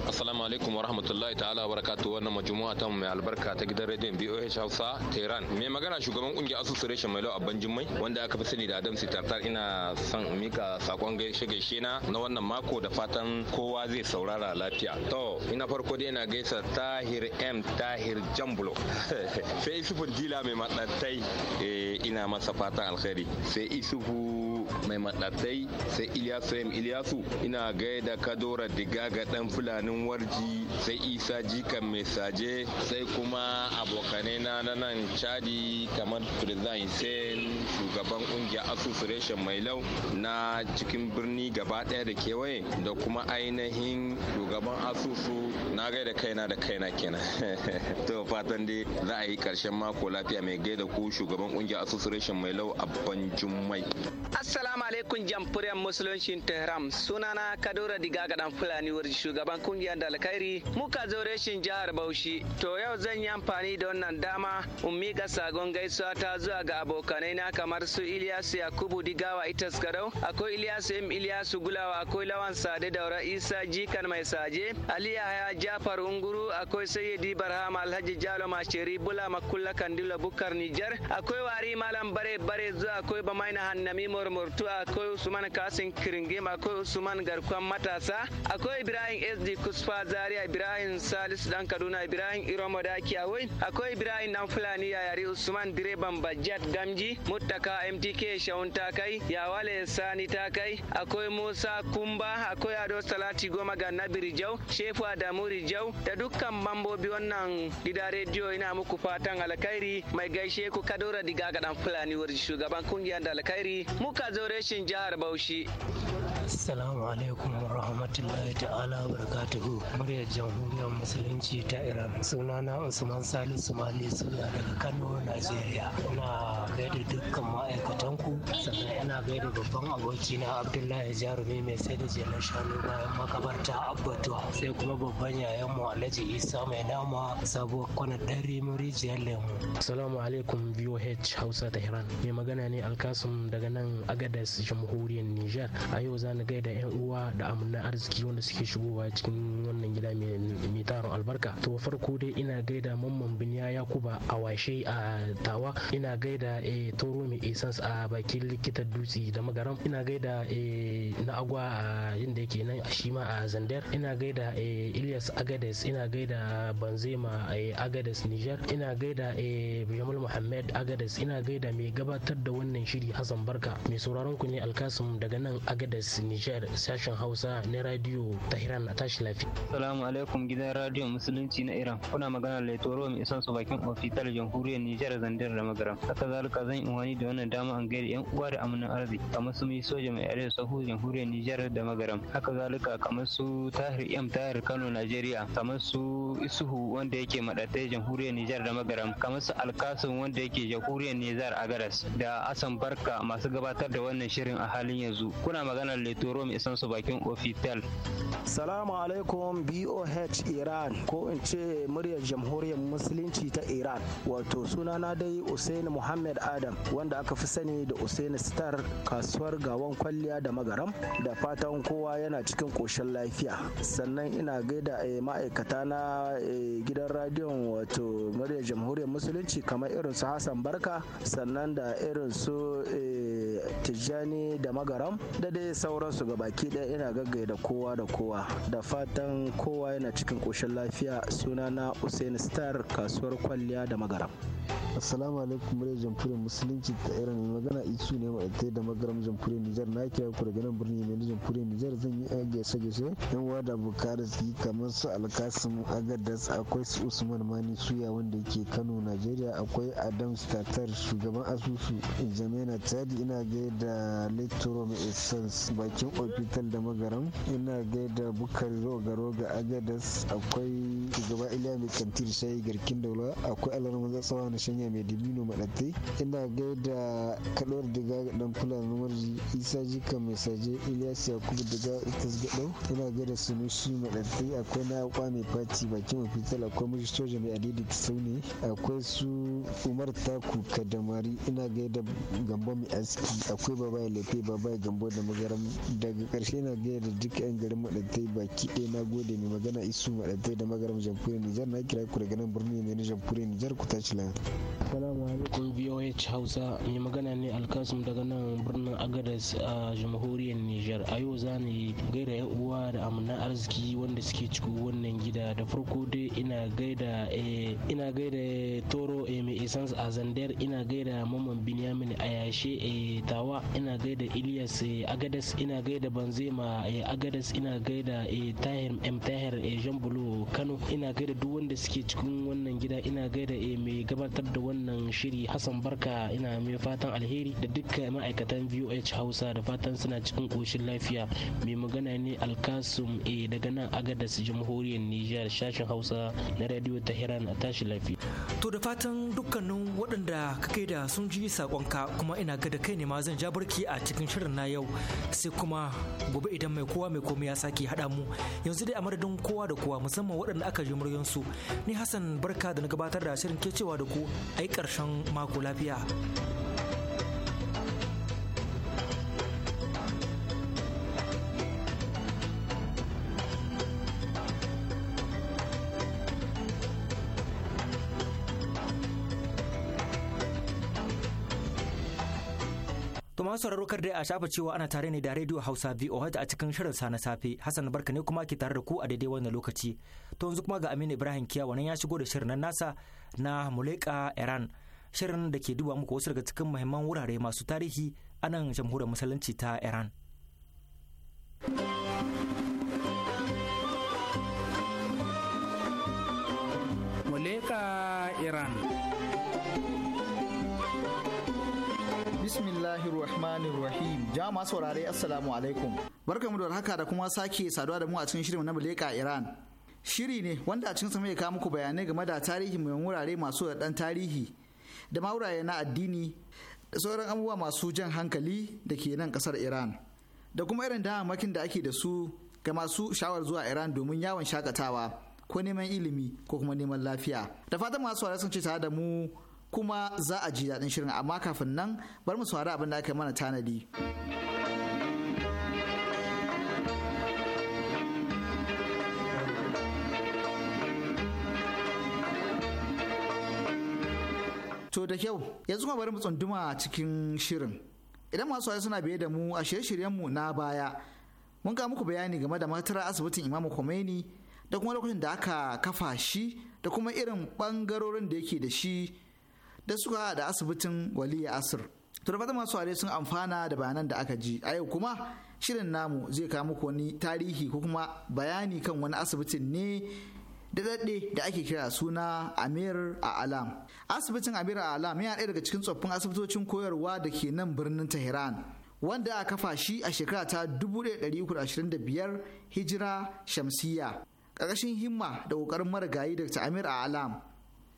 Speaker 4: assalamu alaikum warahmatullahi ta'ala barakatu wannan majumu'a ta mai albarka ta gidan rediyon boh hausa tehran mai magana shugaban kungiyar asusun reshen mai lau abban jimmai wanda aka fi sani da adam sitartar ina son mika sakon gaishe gaishe na na wannan mako da fatan
Speaker 3: kowa zai saurara lafiya to ina farko dai ina gaisa tahir m tahir jambulo sai isufu dila mai matsatai eh, ina masa fatan alkhairi sai isufu mai maɗatai sai Iliyasu, M Iliyasu, ina gaida Kadora ga ɗan Fulanin Warji sai Isa Jikan mai saje sai
Speaker 4: kuma abokanai na nan Chadi kamar Firzan Hussein shugaban
Speaker 3: ƙungiyar Asusu mai lau na cikin birni gaba ɗaya da kewaye da kuma ainihin shugaban Asusu na gaida kaina da kaina kenan. to fatan dai za a yi ƙarshen mako lafiya mai gaida ku shugaban ƙungiyar Asusu mai lau a banjumai Jummai.
Speaker 7: Assalamu alaikum jamfuriyar musuluncin Tehran sunana Kadura Diga Gadan Fulani Warji shugaban kungiyar da Dalkairi muka zo reshin jihar Bauchi to yau zan yi amfani da wannan dama in mika sagon gaisuwa ta zuwa ga abokanai na kamar su Ilyas Yakubu Digawa Itas Gadau akwai Ilyas M Ilyasu Gulawa akwai Lawan Sade Daura Isa Jikan Mai Saje Ali Yahaya Jafar Unguru akwai Sayyidi Barham Alhaji Jalo Mashiri Bula Makulla Kandila Bukar Nijar akwai Wari Malam Bare Bare zuwa akwai Bamaina Hannami Murmur Ortua akwai Usman Kasim Kiringima akwai Usman Garkon Matasa akwai Ibrahim SD Kusfa Zaria Ibrahim Salisu Dan Kaduna Ibrahim Iromo Daki Awai akwai Ibrahim Dan Fulani yari Usman Direban Bajat Gamji Muttaka MTK Shaun Takai Yawale Sani Takai akwai Musa Kumba akwai Ado Salati Goma ga Nabiri Jau Shefu Adamu Rijau da dukkan mambobi wannan gida rediyo ina muku fatan alkhairi mai gaishe ku Kadora Diga ga Dan Fulani wurin shugaban kungiyar da alkhairi muka mazaureshin jihar Bauchi. Assalamu alaikum wa rahmatullahi
Speaker 4: ta'ala wa barakatuhu. Muryar Jamhuriyar Musulunci ta Iran. Sunana Usman Salisu Mali suna daga Kano, Najeriya. Ina gaida dukkan ma'aikatan ku? sannan ina gaida babban abokina Abdullahi Jarumi mai sai da jelar shanu bayan makabarta Abbatuwa. Sai kuma babban yayan mu Alhaji Isa mai nama sabuwar kwanar dare rijiyar lemu. Assalamu alaikum VOH Hausa Tehran. Mai magana ne Alkasum daga nan Agadez Jamhuriyar Nijar. A yau za na gai gaida yan uwa da amina arziki wanda suke shigowa cikin wannan gida mai taron albarka to farko dai ina gaida mamman biniya yakuba a washe a tawa ina gaida e, toro mai essence a bakin likitan dutse da magaram ina gaida e, na agwa a inda yake nan a shima a zander ina gaida e, ilyas agades ina gaida banzema e, agades niger ina gaida e, jamal muhammad agades ina gaida mai gabatar da wannan shiri hassan barka mai sauraron ku ne alkasim daga nan agades Nijar sashen Hausa na radio Tahiran a tashi lafiya.
Speaker 7: Salamu alaikum gidan radio musulunci na Iran. Kuna magana Laitoro mai isan su bakin ofital jamhuriyar Nijar zandar da magaram. Haka zalika zan yi wani da wannan dama an gaida yan uwa da amanan arzi kamar su mai soja mai arewa sahu jamhuriyar Nijar da magaram. Haka zalika kamar su Tahir M Tahir Kano Najeriya kamar su Isuhu wanda yake madatai jamhuriyar Nijar da magaram kamar su Alkasun wanda yake jamhuriyar Nijar a Garas da Asan Barka masu gabatar da wannan shirin a halin yanzu. Kuna magana turo mai san su bakin ofitel
Speaker 4: salamu alaikum boh iran ko in ce muryar jamhuriyar musulunci ta iran wato sunana dai usaini muhammad adam wanda aka fi sani da usaini star kasuwar gawan kwalliya da magaram da fatan kowa yana cikin koshin lafiya sannan ina gaida eh, ma'aikata na eh, gidan radiyon wato muryar jamhuriyar musulunci kamar irin su hassan barka sannan da irin su eh, tijjani da magaram da dai sauransu ga baki ɗaya ina gaggai da kowa da kowa da fatan kowa yana cikin ƙoshin lafiya sunana usain star kasuwar kwalliya da magaram
Speaker 8: assalamu alaikum muryar musulunci ta iran magana isu ne ma'aikatai da magaram jamhuriyar nijar na kira ku daga nan na mai jamhuriyar nijar zan yi a gaisa gaisa yan wada bukari yi kamar su alkasim agadas akwai su usman mani suya wanda ke kano nigeria akwai adam statar shugaban asusu jamina tadi ina gaida lecturer mai essence bakin ofital da magaram ina gaida bukar roga roga agadas akwai shugaba iliya mai kantir shayi garkin daula akwai alarma zatsawa na shanya injiniya mai dabino maɗattai ina gaida kaɗuwar daga ɗan fulani warji isa jika mai saje ilyas yakubu daga itas gaɗau ina gaida sunushi maɗattai akwai na kwa mai fati bakin ofital akwai mashi soja mai adidi sauni akwai su umar taku kadamari ina gaida gambo mai aski akwai baba ya lefe baba ya gambo da magaram daga ƙarshe ina gaida duka 'yan garin maɗattai baki ɗaya na gode mai magana isu maɗattai da magaram jamhuriyar nijar na kira ku daga nan birnin mai na jamhuriyar nijar ku tashi lafiya.
Speaker 4: Assalamu alaikum VOH Hausa mai magana ne Alkasum daga nan birnin Agadez a jamhuriyar Nijar. A yau za ni gaida yan uwa da amina arziki wanda suke ciko wannan gida da farko dai ina gaida eh, ina gaida Toro eh, mai essence a Zandar ina gaida Mamman Binyamin a yashe eh, Tawa ina gaida Ilyas Agadez ina gaida Banzema Agadez ina gaida Tahir MP Kano ina gaida duk wanda suke cikin wannan gida ina gaida eh, mai gabatar da wannan shiri Hassan Barka ina mai fatan alheri da duka ma'aikatan VOH Hausa da fatan suna cikin koshin lafiya mai magana ne Alkasum e daga nan Agadas Jamhuriyar Nijar shashin Hausa na Radio Tehran a tashi lafiya.
Speaker 2: To da fatan dukkanin waɗanda ka kai da sun ji saƙonka kuma ina ga kai ne ma zan ja barki a cikin shirin na yau sai kuma gobe idan mai kowa mai komai ya sake haɗa mu yanzu dai a madadin kowa da kowa musamman waɗanda waɗanda aka ji su ni Hassan barka da na gabatar da shirin ke cewa da ku ai ƙarshen mako lafiya. sauraro kar dai a shafa cewa ana tare ne da Radio Hausa VOH a cikin shirin sa na safe. Hassan barka ne kuma ke tare da ku a daidai wannan lokaci. To yanzu kuma ga Aminu Ibrahim kiya wannan ya shigo da shirin nasa na Muleka Iran. Shirin da ke duba muku wasu daga cikin muhimman wurare masu tarihi a nan jamhuriyar musulunci ta Iran.
Speaker 9: Muleka
Speaker 10: Iran. Bismillahirrahmanirrahim. Jama'a saurare Assalamu alaikum. Barkamu da haka da kuma sake saduwa da mu a cikin shirin na Muleka Iran. Shiri ne wanda a cikin sa muke kawo muku bayanai game da tarihi mai wurare masu da dan tarihi da mawuraye na addini da sauran abubuwa masu jan hankali da ke nan kasar Iran. Da kuma irin damamakin da ake da su ga masu shawar zuwa Iran domin yawon shakatawa ko neman ilimi ko kuma neman lafiya. Da fatan masu saurare sun ce tare da mu kuma za a ji daɗin shirin amma kafin nan bar mu saurari abin da aka mana tanadi. To da kyau yanzu kuma bari mu tsunduma cikin shirin. Idan masu wasu suna biye da mu a shirye-shiryenmu na baya mun ga muku bayani game da matara asibitin Imam Khomeini da kuma lokacin da aka kafa shi da kuma irin bangarorin da yake da shi da suka da asibitin waliya asir turfata masu ware sun amfana da bayanan da aka ji a yau kuma shirin namu zai kawo muku wani tarihi ko kuma bayani kan wani asibitin ne da daɗe da ake kira suna amir a alam asibitin amir a alam yana ɗaya daga cikin tsoffin asibitocin koyarwa da ke nan birnin tehran wanda a kafa shi a shekara ta 1325 hijira shamsiyya ƙarƙashin himma da ƙoƙarin marigayi dr amir a alam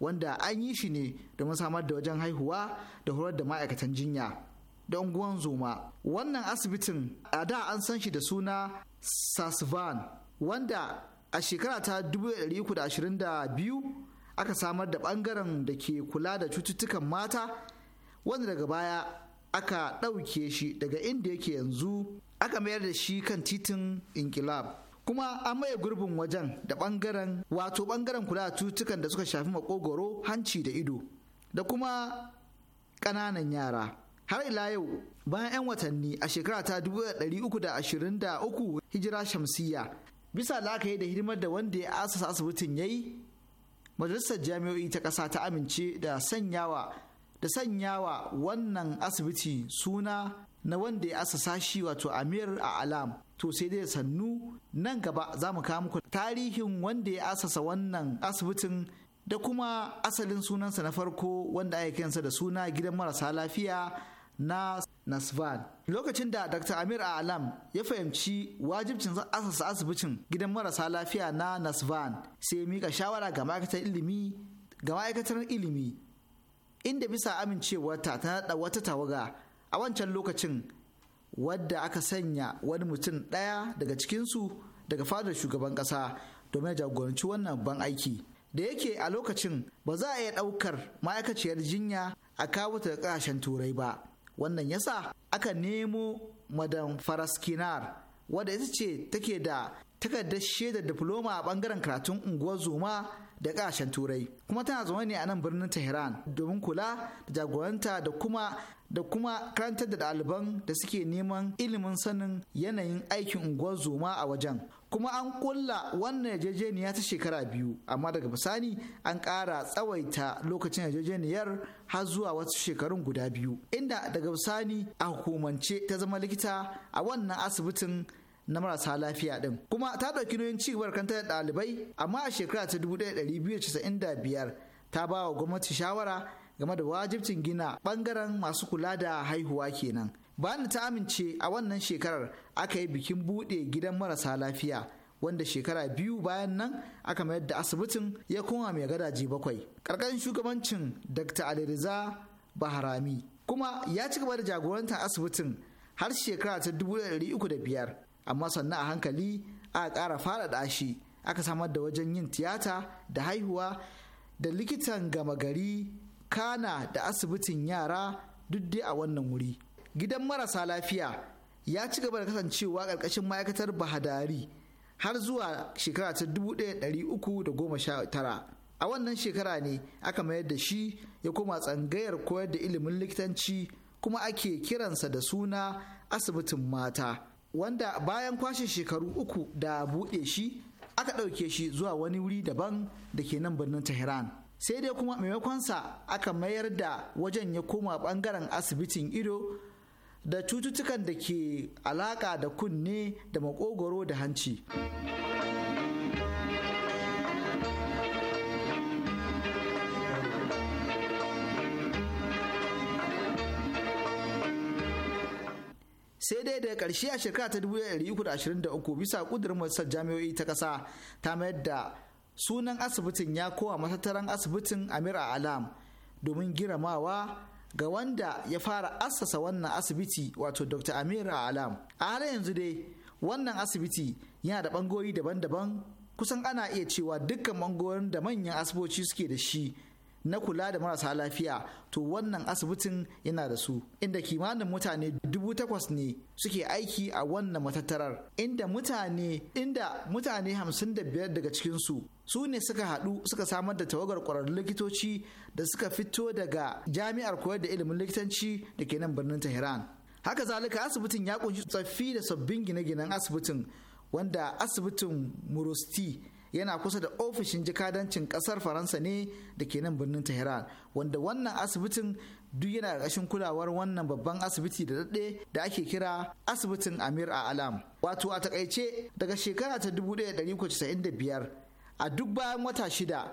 Speaker 10: wanda an yi shi ne domin samar da wajen haihuwa da horar da ma'aikatan jinya da unguwan zoma wannan asibitin a da an san shi da suna sasvan wanda a shekara ta 1322 aka samar da bangaren da ke kula da cututtukan mata wanda daga baya aka ɗauke shi daga inda yake yanzu aka mayar da shi kan titin inkilab kuma an maye gurbin wajen da bangaren wato bangaren kula da cutukan da suka shafi makogoro hanci da ido da kuma ƙananan yara har ila yau bayan 'yan watanni a shekara ta 323 hijira shamsiyya bisa la'akari da hidimar da wanda ya asasa asibitin ya yi majalisar jami'o'i ta ƙasa ta amince da sanyawa da sanyawa wannan asibiti suna na wanda ya asasa shi wato amir a alam to sai dai sannu nan gaba za mu kawo muku tarihin wanda ya asasa wannan asibitin da kuma asalin sunansa na farko wanda ake kiransa da suna gidan marasa lafiya na Nasvan. Lokacin da Dr. Amir Alam ya fahimci wajibcin asasa asibitin gidan marasa lafiya na Nasvan sai ya mika shawara ga ma'aikatar ilimi ga ma'aikatar ilimi inda bisa amincewarta ta naɗa wata tawaga a wancan lokacin wadda aka sanya wani mutum ɗaya daga cikinsu daga fadar shugaban ƙasa domin jagoranci wannan ban aiki da yake a lokacin ba za a iya ɗaukar ma'aikaciyar jinya a kawo ta ƙasashen turai ba wannan yasa aka nemo madam faraskinar wadda ita ce take da takardar shaidar diploma a bangaren karatun unguwar zoma da ƙasashen turai kuma tana zaune ne a nan birnin tehran domin kula da jagoranta da kuma da kuma karantar da ɗaliban da suke neman ilimin sanin yanayin aikin unguwar zoma a wajen kuma an kulla wannan yarjejeniya ta shekara biyu amma daga bisani an ƙara tsawaita lokacin yarjejeniyar har zuwa wasu shekarun guda biyu inda daga bisani a hukumance ta zama likita a wannan asibitin na marasa lafiya din kuma ta ɗauki nauyin cigabar da ɗalibai amma a shekara ta 1995 ta ba wa gwamnati shawara game da wajibcin gina bangaren masu kula da haihuwa kenan Bani ta amince a wannan shekarar aka yi bikin buɗe gidan marasa lafiya wanda shekara biyu bayan nan aka mayar da asibitin ya koma mai gadaje bakwai ƙarƙashin shugabancin dr aliriza baharami kuma ya ci gaba da jagorantar asibitin har shekara ta da uku biyar amma sannan a hankali aka ƙara fara shi aka samar da wajen yin tiyata da haihuwa da likitan gama gari kana da asibitin yara duk dai a wannan wuri gidan marasa lafiya ya ci gaba da kasancewa ƙarƙashin ma'aikatar bahadari har zuwa shekara ta 1319 a wannan shekara ne aka mayar da shi ya koma tsangayar koyar da ilimin likitanci kuma ake kiransa da suna asibitin mata wanda bayan kwashe shekaru uku da buɗe shi aka ɗauke shi zuwa wani wuri daban da ke nan birnin tehran sai dai kuma maimakon sa aka mayar da wajen ya koma bangaren asibitin ido da cututtukan da ke alaka da kunne da makogoro da hanci. sai dai da ƙarshe a shekara ta 2023 bisa ƙudurin majalisar jami'o'i ta ƙasa ta mayar da sunan asibitin ya kowa matattaran asibitin amir alam domin giramawa ga wanda ya fara assasa wannan asibiti wato dr amir alam a halin yanzu dai wannan asibiti yana da bangoyi daban-daban kusan ana iya cewa dukkan bangoyin da manyan asiboci suke da shi na kula da marasa lafiya to wannan asibitin yana da su inda kimanin mutane dubu takwas ne suke aiki a wannan matattarar inda mutane inda mutane hamsin da biyar daga cikinsu su ne suka haɗu suka samar da tawagar ƙwararrun likitoci da suka fito daga jami'ar koyar da ilimin likitanci da ke nan birnin tehran haka zalika asibitin ya kunshi tsaffi da sabbin gine-ginen asibitin wanda asibitin murusti yana kusa da ofishin jikadancin kasar faransa ne da ke nan birnin tehran wanda wannan asibitin duk yana ƙarƙashin kulawar wannan babban asibiti da daɗe da ake kira asibitin amir a alam wato a takaice daga shekara ta 1995 a duk bayan wata shida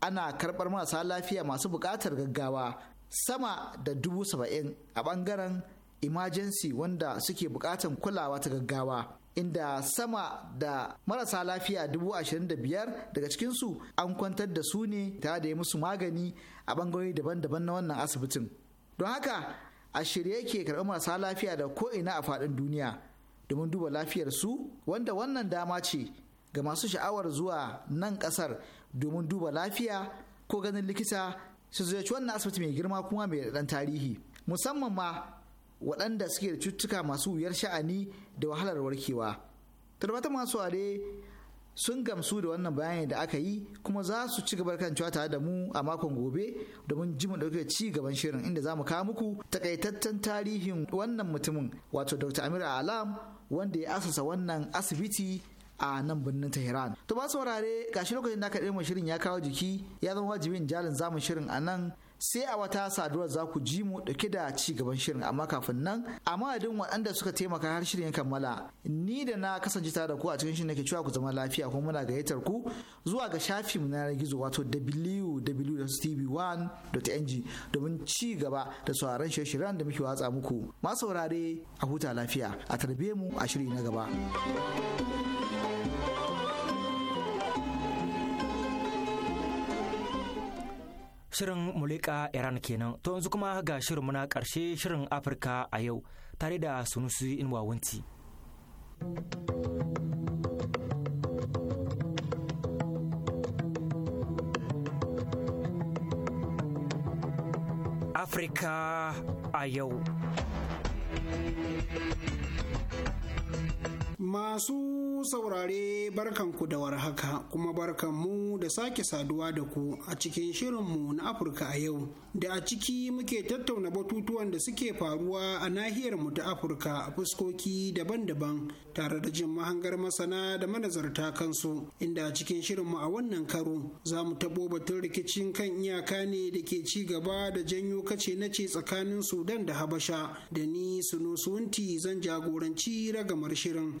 Speaker 10: ana karɓar marasa lafiya masu buƙatar gaggawa sama da dubu saba'in a ɓangaren imajensi wanda suke buƙatar kulawa ta gaggawa inda sama da marasa lafiya dubu ashirin da biyar daga cikinsu an kwantar da su ne tare da yi musu magani a bangarori daban-daban na wannan asibitin don haka a shirye ke karɓar marasa lafiya da ko'ina a faɗin duniya domin duba lafiyarsu wanda wannan dama ce ga masu sha'awar zuwa nan ƙasar domin duba lafiya ko ganin likita su ziyarci wannan asibiti mai girma kuma mai ɗan tarihi musamman ma waɗanda suke da cututtuka masu wuyar sha'ani da wahalar warkewa tarbata masu ware sun gamsu da wannan bayani da aka yi kuma za su ci gaba kan tare da mu a makon gobe domin ji mu da ci gaban shirin inda za mu kawo muku takaitaccen tarihin wannan mutumin wato dr amir alam wanda ya asasa wannan asibiti a nan birnin tehran to ba saurare gashi lokacin da aka ɗaya shirin ya kawo jiki ya zama wajibin jalin zamu shirin a nan sai a wata saduwar za ku ji mu dauke da ci gaban shirin amma kafin nan a madadin waɗanda suka taimaka har shirin kammala ni da na kasance tare da ku a cikin shirin nake cewa ku zama lafiya kuma muna gayyatar ku zuwa ga shafi mu na gizo wato www.tv1.ng domin ci gaba da sauraron shirye-shiryen da muke watsa muku ma saurare a huta lafiya a tarbe mu a shiri na gaba.
Speaker 2: Shirin Mulika Iran kenan. To yanzu kuma ga shirin muna karshe shirin Afirka a yau tare da Sunusi Inwawunti. Afirka a yau.
Speaker 5: Masu saurare barkan ku da warhaka kuma barkanmu da sake saduwa da ku a cikin shirinmu na Afirka a yau da a ciki muke tattauna batutuwan da suke faruwa a nahiyar mu ta Afirka a fuskoki daban-daban tare da jin mahangar masana da manazarta kansu inda a cikin shirinmu a wannan karo za mu tabo batun rikicin kan iyaka ne da ke ci gaba da janyo kace na ce tsakanin Sudan da Habasha da ni Sunusunti zan jagoranci ragamar shirin.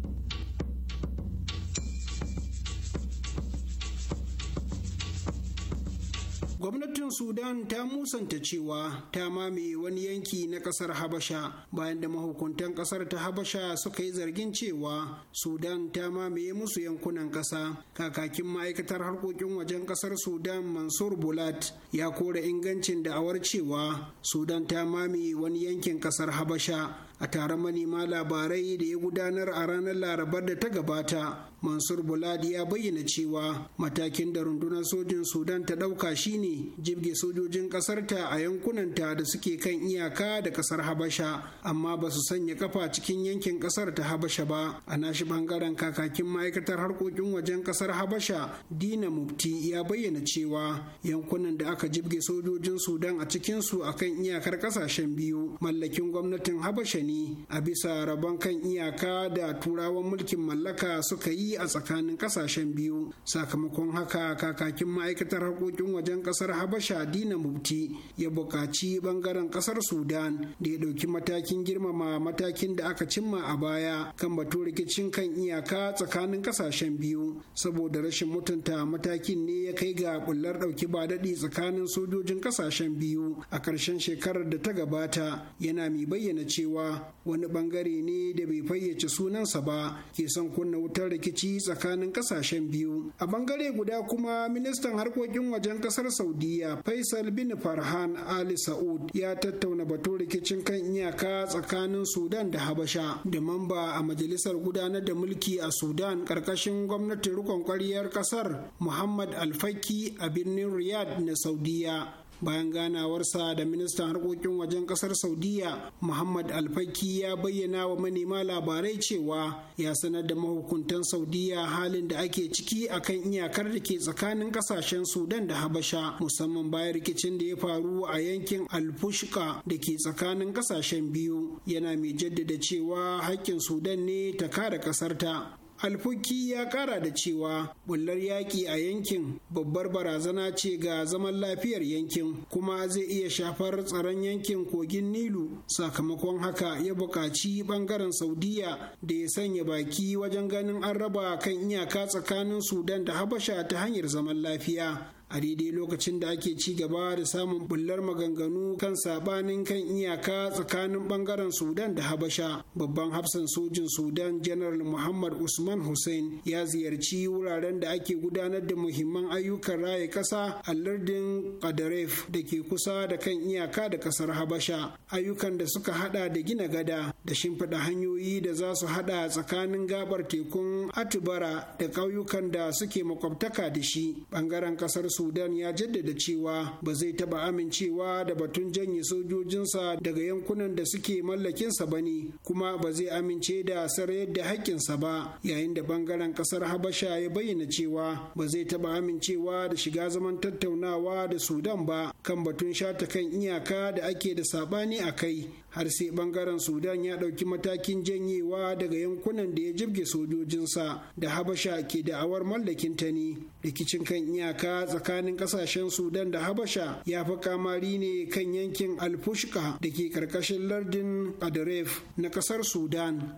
Speaker 5: gwamnatin sudan ta musanta cewa ta mamaye wani yanki na kasar habasha bayan da mahukuntan kasar ta habasha suka yi zargin cewa sudan ta mamaye musu yankunan kasa kakakin ma'aikatar harkokin wajen kasar sudan mansur bulat ya kora ingancin da'awar cewa sudan ta mamaye wani yankin kasar habasha a taron manema labarai da ya gudanar a ranar larabar da ta gabata mansur buladi ya bayyana cewa matakin da rundunar sojin sudan ta ɗauka shine jibge sojojin ƙasarta a yankunanta da suke kan iyaka da ƙasar habasha amma ba su sanya kafa cikin yankin ƙasar ta habasha ba a nashi bangaren kakakin ma'aikatar harkokin wajen ƙasar habasha dina mufti ya bayyana cewa yankunan da aka jibge sojojin sudan a cikin su akan iyakar ƙasashen biyu mallakin gwamnatin habasha ne martani a bisa rabon kan iyaka da turawan mulkin mallaka suka yi a tsakanin kasashen biyu sakamakon haka kakakin ma'aikatar harkokin wajen ƙasar habasha dina mubti ya buƙaci ɓangaren ƙasar sudan da ya ɗauki matakin girmama matakin da aka cimma a baya kan batu rikicin kan iyaka tsakanin ƙasashen biyu saboda rashin mutunta matakin ne ya kai ga bullar ɗauki ba daɗi tsakanin sojojin ƙasashen biyu a ƙarshen shekarar da ta gabata yana mai bayyana cewa wani bangare ne da bai fayyace sunansa ba ke son kunna wutar rikici tsakanin kasashen biyu a bangare guda kuma ministan harkokin wajen kasar saudiya faisal bin farhan ali sa'ud ya tattauna batun rikicin kan iyaka tsakanin sudan da habasha da mamba a majalisar gudanar da mulki a sudan karkashin gwamnatin rikon kwariyar kasar muhammad alfaki a birnin Riyad na saudiya bayan ganawarsa da ministan harkokin wajen kasar saudiya muhammad alfaki ya bayyana wa manema labarai cewa ya sanar da mahukuntan saudiya halin da ake ciki akan iyakar da ke tsakanin kasashen sudan da habasha musamman bayan rikicin da ya faru a yankin alfushka da ke tsakanin kasashen biyu yana mai jaddada cewa haƙƙin sudan ne ta kare ƙasarta alfuki ya kara da cewa bullar yaƙi a yankin babbar barazana ce ga zaman lafiyar yankin kuma zai iya shafar tsaron yankin kogin nilu sakamakon haka ya buƙaci ɓangaren saudiya da ya sanya baki wajen ganin an raba kan iyaka tsakanin sudan da habasha ta hanyar zaman lafiya a daidai lokacin da ake ci gaba da samun bullar maganganu kan sabanin kan iyaka tsakanin bangaren sudan da habasha babban hafsan sojin sudan general muhammad usman hussein ya ziyarci wuraren da ake gudanar da muhimman ayyukan raya kasa a lardin kadaref da ke kusa da kan iyaka da kasar habasha ayyukan da suka hada da gina gada da shimfiɗa hanyoyi da za su hada tsakanin gabar tekun atibara da ƙauyukan da suke makwabtaka da shi bangaren kasar sudan ya jaddada cewa ba zai taba amincewa da batun janye sojojinsa daga yankunan da suke mallakinsa ba ne kuma ba zai amince da sarayar da haƙƙinsa ba yayin da bangaren ƙasar habasha ya bayyana cewa ba zai taba amincewa da shiga zaman tattaunawa da sudan ba kan batun shata kan iyaka da ake da sabani a kai har sai bangaren sudan ya ɗauki matakin janyewa daga yankunan da ya jibge sojojinsa da habasha ke da'awar mallakin ta ne rikicin kan iyaka tsakanin ƙasashen sudan da habasha ya fi kamari ne kan yankin alfushka da ke ƙarƙashin lardin adaref na ƙasar sudan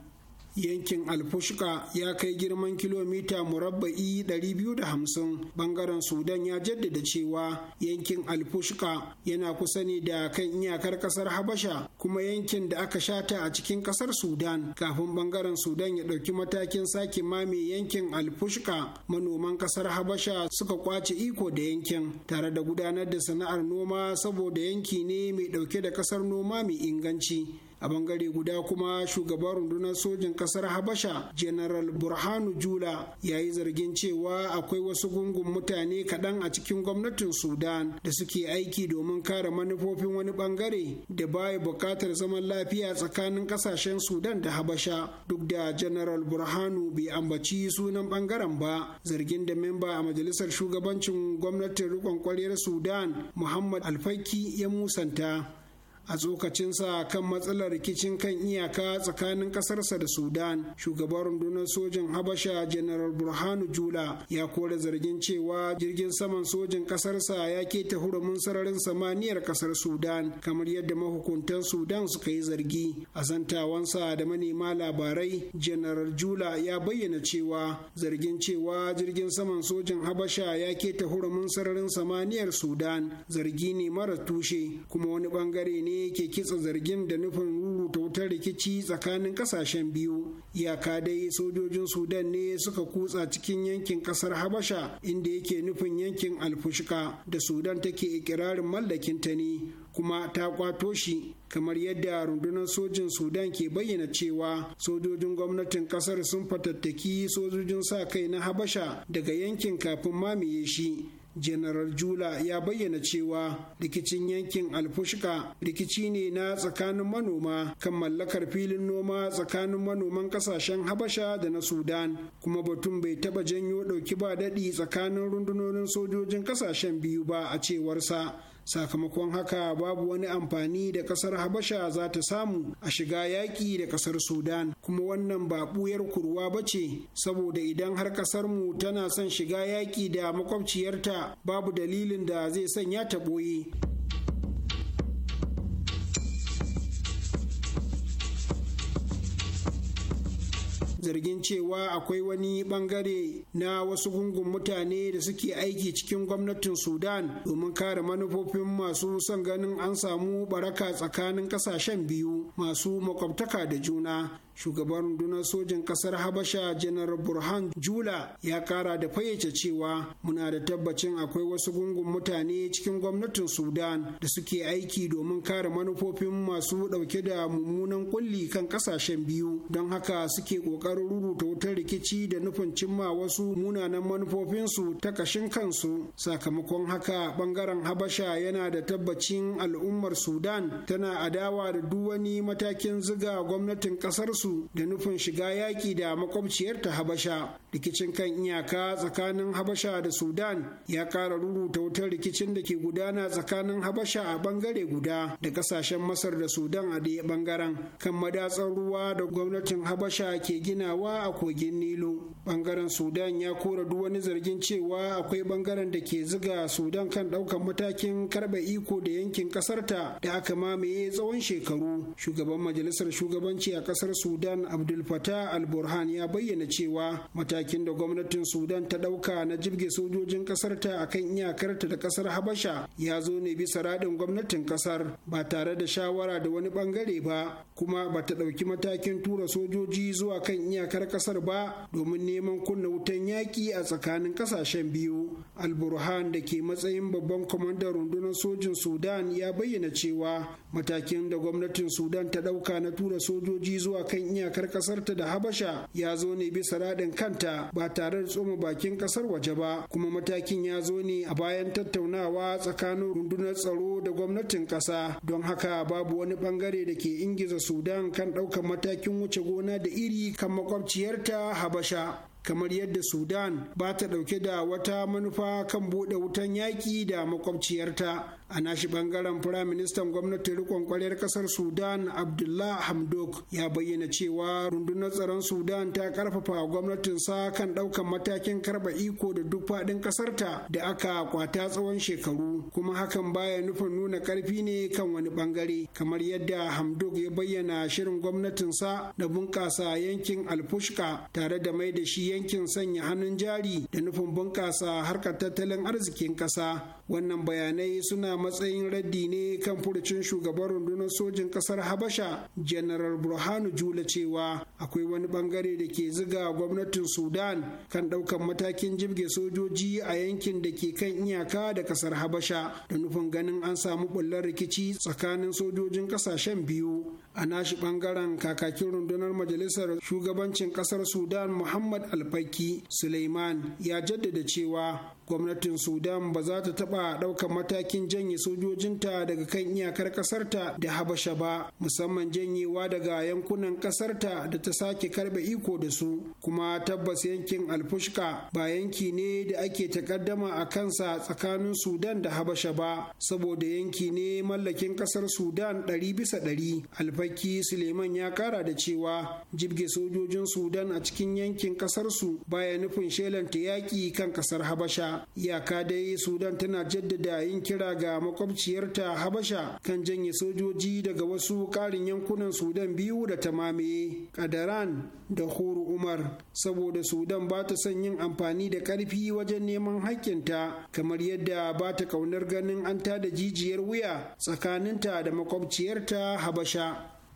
Speaker 5: yankin alfushka ya kai girman kilomita murabba'i 250 bangaren sudan ya jaddada cewa yankin alfushka yana kusa ne da kan iyakar kasar habasha kuma yankin da aka shata a cikin kasar sudan kafin bangaren sudan ya ɗauki matakin sake mame yankin alfushka manoman kasar habasha suka kwace iko da yankin tare da gudanar da sana'ar noma saboda yanki ne mai ɗauke da kasar noma mai inganci a bangare guda kuma shugaban rundunar sojin kasar habasha general burhanu jula ya yi zargin cewa akwai wasu gungun mutane kaɗan a cikin gwamnatin sudan da suke aiki domin kare manufofin wani bangare da baya buƙatar zaman lafiya tsakanin ƙasashen sudan da habasha duk da general burhanu bai ambaci sunan bangaren ba zargin da memba a majalisar shugabancin gwamnatin rikon kwaryar sudan muhammad alfaki ya musanta a tsokacinsa kan matsalar rikicin kan iyaka tsakanin kasarsa da sudan shugaban rundunar sojin habasha Janaral burhanu jula ya kore zargin cewa jirgin saman sojin kasarsa ya ke keta hurumin sararin samaniyar kasar sudan kamar yadda mahukuntan sudan suka yi zargi a zantawansa da manema labarai Janaral jula ya bayyana cewa zargin cewa jirgin saman sojin habasha ya ke keta hurumin sararin samaniyar sudan zargi ne mara tushe kuma wani bangare ne ne ke kitsa zargin da nufin rubuta wutar rikici tsakanin kasashen biyu iyaka dai sojojin sudan ne suka kutsa cikin yankin kasar habasha inda yake nufin yankin alfushka da sudan take ikirarin mallakinta ne kuma ta kwato shi kamar yadda rundunar sojin sudan ke bayyana cewa sojojin gwamnatin kasar sun fatattaki sojojin sa kai na habasha daga yankin kafin mamaye shi janaral jula ya bayyana cewa rikicin yankin alfushka rikici ne na tsakanin manoma kan mallakar filin noma tsakanin manoman kasashen habasha da na sudan kuma batun bai taba janyo dauki ba daɗi tsakanin rundunonin sojojin kasashen biyu ba a cewarsa sakamakon haka babu wani amfani da kasar habasha za ta samu a shiga yaƙi da kasar sudan kuma wannan ba ɓuyar kurwa ba ce saboda idan har kasarmu tana son shiga yaƙi da makwabciyarta babu dalilin da zai sanya ta ɓoye zargin cewa akwai wani bangare na wasu gungun mutane da suke aiki cikin gwamnatin sudan domin kare manufofin masu son ganin an samu baraka tsakanin kasashen biyu masu makwabtaka da juna shugaban rundunar sojin kasar habasha janar burhan jula ya kara da fayyace cewa muna da tabbacin akwai wasu gungun mutane cikin gwamnatin sudan da suke aiki domin kare manufofin masu dauke da mummunan kulli kan kasashen biyu don haka suke kokarin rubuta wutar rikici da nufin cimma wasu munanan manufofinsu ta kashin kansu sakamakon haka bangaren habasha yana da tabbacin al'ummar sudan tana adawa da duk wani matakin ziga gwamnatin kasar su da nufin shiga yaƙi da makwabciyarta habasha rikicin kan iyaka tsakanin habasha da sudan ya kara rubuta wutar rikicin da ke gudana tsakanin habasha a bangare guda da ƙasashen masar da sudan a ɗaya bangaren kan madatsar ruwa da gwamnatin habasha ke ginawa a kogin nilo. bangaren sudan ya kora duk wani zargin cewa akwai bangaren da ke ziga sudan kan ɗaukan matakin karɓe iko da yankin ƙasarta da aka mamaye tsawon shekaru shugaban majalisar shugabanci a ƙasar sudan sudan abdul fata al-burhan ya bayyana cewa matakin da gwamnatin sudan ta ɗauka na jibge sojojin ƙasar ta akan iyakarta da ƙasar habasha ya zo ne bisa radin gwamnatin ƙasar ba tare da shawara da wani ɓangare ba kuma ba ta ɗauki matakin tura sojoji zuwa kan iyakar ƙasar ba domin neman kunna wutan yaƙi a tsakanin ƙasashen biyu al-burhan da ke matsayin babban kwamandan rundunar sojin sudan ya bayyana cewa matakin da gwamnatin sudan ta ɗauka na tura sojoji zuwa kan kan iyakar ta da habasha ya zo ne bisa raɗin kanta ba tare da tsoma bakin ƙasar waje ba kuma matakin ya zo ne a bayan tattaunawa tsakanin rundunar tsaro da gwamnatin ƙasa don haka babu wani bangare da ke ingiza sudan kan ɗaukar matakin wuce gona da iri kan makwabciyarta habasha kamar yadda sudan ba ta ɗauke da wata manufa kan buɗe wutan yaƙi da makwabciyarta a nashi bangaren firaministan gwamnatin rikon kwarar kasar sudan abdullah hamdok ya bayyana cewa rundunar tsaron sudan ta karfafa gwamnatinsa kan daukan matakin karba iko da duk faɗin kasarta da aka kwata tsawon shekaru kuma hakan baya nufin nuna karfi ne kan wani bangare kamar yadda hamdok ya bayyana shirin gwamnatinsa da bunƙasa yankin alfushka tare da mai da shi yankin sanya hannun jari da nufin bunƙasa harkar tattalin arzikin ƙasa wannan bayanai suna a matsayin raddi ne kan furucin shugaban rundunar sojin kasar habasha janaral burhanu jula cewa akwai wani bangare da ke ziga gwamnatin sudan kan daukan matakin jibge sojoji a yankin da ke kan iyaka da kasar habasha da nufin ganin an samu bullar rikici tsakanin sojojin kasashen biyu a nashi bangaren kakakin rundunar majalisar shugabancin kasar sudan muhammad alfaki suleiman ya jaddada cewa gwamnatin sudan ba za ta taɓa ɗaukar matakin janye sojojinta daga kan iyakar ƙasarta da habasha ba musamman janyewa daga yankunan ƙasarta da ta sake karbe iko da su kuma tabbas yankin alfushka ba yanki ne da ake takaddama a kansa tsakanin sudan da habasha ba saboda yanki ne mallakin ƙasar sudan ɗari bisa ɗari baki suleiman ya kara da cewa jibge sojojin sudan a cikin yankin kasarsu baya nufin shelanta yaƙi kan kasar habasha iyaka dai sudan tana jaddada yin kira ga makwabciyarta habasha kan janye sojoji daga wasu ƙarin yankunan sudan biyu da ta mamaye kadaran da horo umar saboda sudan ba ta son yin amfani da ƙarfi wajen neman haƙƙinta kamar yadda ba ta ƙaunar ganin an tada jijiyar wuya tsakaninta da makwabciyarta habasha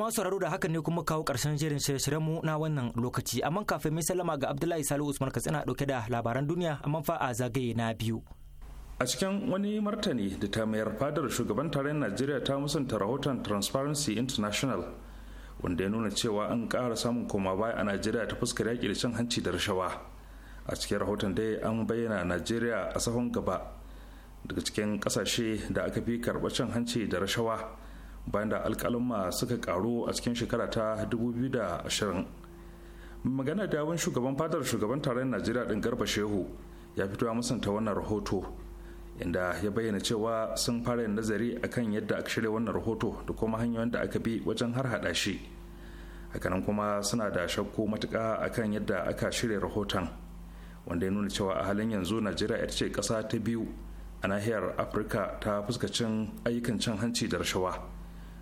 Speaker 2: masu sauraro da hakan ne kuma kawo karshen jerin shirye-shiryen mu na wannan lokaci amma kafin mai sallama ga Abdullahi Salihu Usman Katsina dauke da labaran duniya amma fa a zagaye na biyu.
Speaker 3: a cikin wani martani da ta mayar fadar shugaban tarayyar najeriya ta musanta rahoton transparency international wanda ya nuna cewa an ƙara samun koma baya a najeriya ta fuskar yaƙi da cin hanci da rashawa a cikin rahoton dai an bayyana najeriya a sahun gaba daga cikin kasashe da aka fi karɓar cin hanci da rashawa bayan da ma suka karu a cikin shekara ta 2020 magana da yawon shugaban fadar shugaban taron najeriya din garba shehu ya fito ya musanta wannan rahoto inda ya bayyana cewa sun fara yin nazari akan yadda aka shirya wannan rahoto da kuma hanyoyin da aka bi wajen har hada shi hakanan kuma suna da shakku matuka akan yadda aka shirya rahoton wanda ya nuna cewa a halin yanzu najeriya ita ce kasa ta biyu a nahiyar afirka ta fuskacin ayyukan cin hanci da rashawa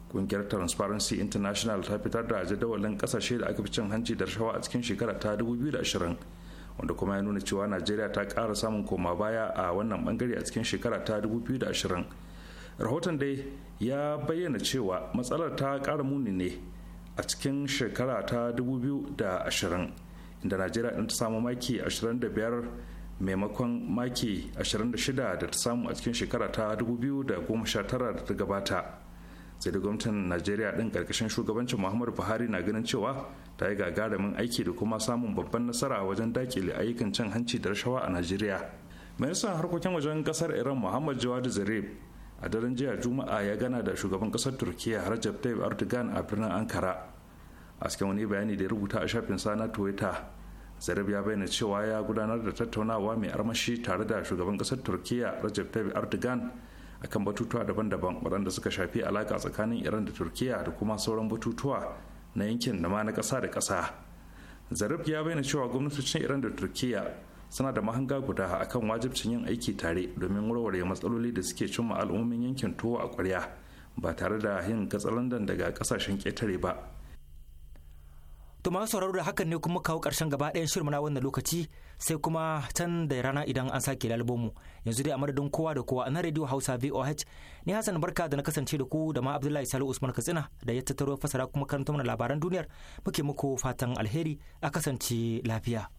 Speaker 3: kungiyar transparency international ta fitar da jadawalin kasashe da aka fi cin hanci da rashawa a cikin shekara ta 2020 wanda kuma ya nuna cewa najeriya ta kara samun koma baya a wannan bangare a cikin shekara ta 2020 rahoton dai ya bayyana cewa matsalar ta kara muni ne a cikin shekara ta 2020 inda najeriya ɗin ta samu maki 25 maimakon maki 26 da ta samu a cikin shekara ta 2019 da ta gabata sai da gwamnatin najeriya din karkashin shugabancin muhammadu buhari na ganin cewa ta yi gagarumin aiki da kuma samun babban nasara wajen dakile ayyukan cin hanci da rashawa a najeriya ministan harkokin wajen kasar iran muhammad jawad zarif a daren jiya juma'a ya gana da shugaban kasar turkiyya rajab tayyip erdogan a birnin ankara a cikin wani bayani da ya rubuta a shafin sa na twitter zarif ya bayyana cewa ya gudanar da tattaunawa mai armashi tare da shugaban kasar turkiyya rajab tayyip erdogan akan batutuwa daban-daban waɗanda suka shafi alaƙa tsakanin iran da turkiya da kuma sauran batutuwa na yankin da ma na ƙasa da ƙasa zarif ya bayyana cewa gwamnatocin iran da turkiya suna da mahanga guda akan wajibcin yin aiki tare domin warware matsaloli da suke cimma al'ummomin yankin tuwo a ƙwarya ba tare da yin katsalandan daga ƙasashen ƙetare ba
Speaker 2: To masu sauraro da hakan ne kuma kawo ƙarshen gaba ɗayan shirin na wannan lokaci sai kuma can da rana idan an sake lalbomu yanzu dai a madadin kowa da kowa na radio Hausa VOH ni Hassan Barka da na kasance da ku da ma Abdullahi Salu Usman Katsina da ya tattaro fasara kuma karanta mana labaran duniyar muke muku fatan alheri a kasance lafiya.